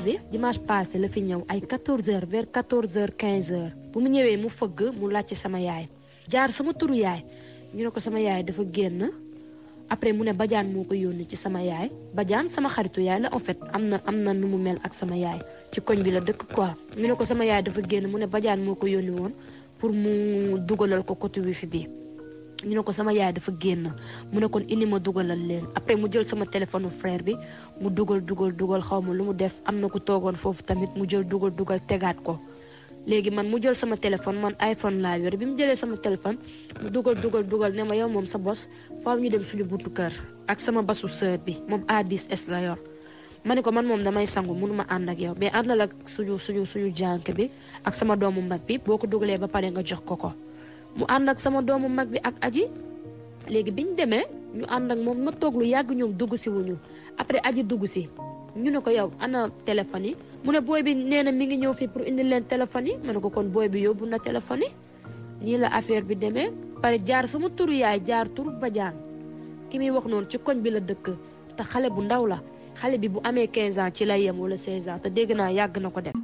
bi dimanche passé la fi ñëw ay 14h vers 14h 15h bu mu ñëwee mu fëgg mu laajte sama yaay jaar sama turu yaay ñu ne ko sama yaay dafa génn après mu ne bajaan moo ko yónni ci sama yaay bajaan sama xaritu yaay la en fait am na am na nu mu mel ak sama yaay ci koñ bi la dëkk quoi ñu ne ko sama yaay dafa génn mu ne bajaan moo ko yónni woon pour mu dugalal ko côté wifi bii ñu ne ko sama yaay dafa génn mu ne kon indi ma dugalal leen après mu jël sama téléphone frère bi mu dugal dugal dugal xaw ma lu mu def am na ku toogoon foofu tamit mu jël dugal dugal tegaat ko. léegi man mu jël sama téléphone man iPhone laa yore bi mu jëlee sama téléphone mu dugal dugal dugal ne ma yow moom sa bos faaw ñu dem suñu buntu kër ak sama basu sœur bi moom A10S la yor. ma ne ko man moom damay sangu mënuma ànd ak yow mais àndal ak suñu suñu suñu jànk bi ak sama doomu mbag bi boo ko dugalee ba pare nga jox ko ko. mu ànd ak sama doomu mag bi ak aji léegi bi ñu demee ñu ànd ak moom ma toog lu yàgg ñoom dugg si wuñu après aji dugg si ñu ne ko yow ana téléphone yi mu ne booy bi nee na mi ngi ñëw fii pour indi leen téléphone yi ma ne ko kon booy bi yóbbu na téléphone yi nii la affaire bi demee pare jaar suma turu yaay jaar tur ba jaan ki muy wax noonu ci koñ bi la dëkk te xale bu ndaw la xale bi bu amee 15 ans ci lay yem wala 16 ans te dégg naa yàgg na ko dem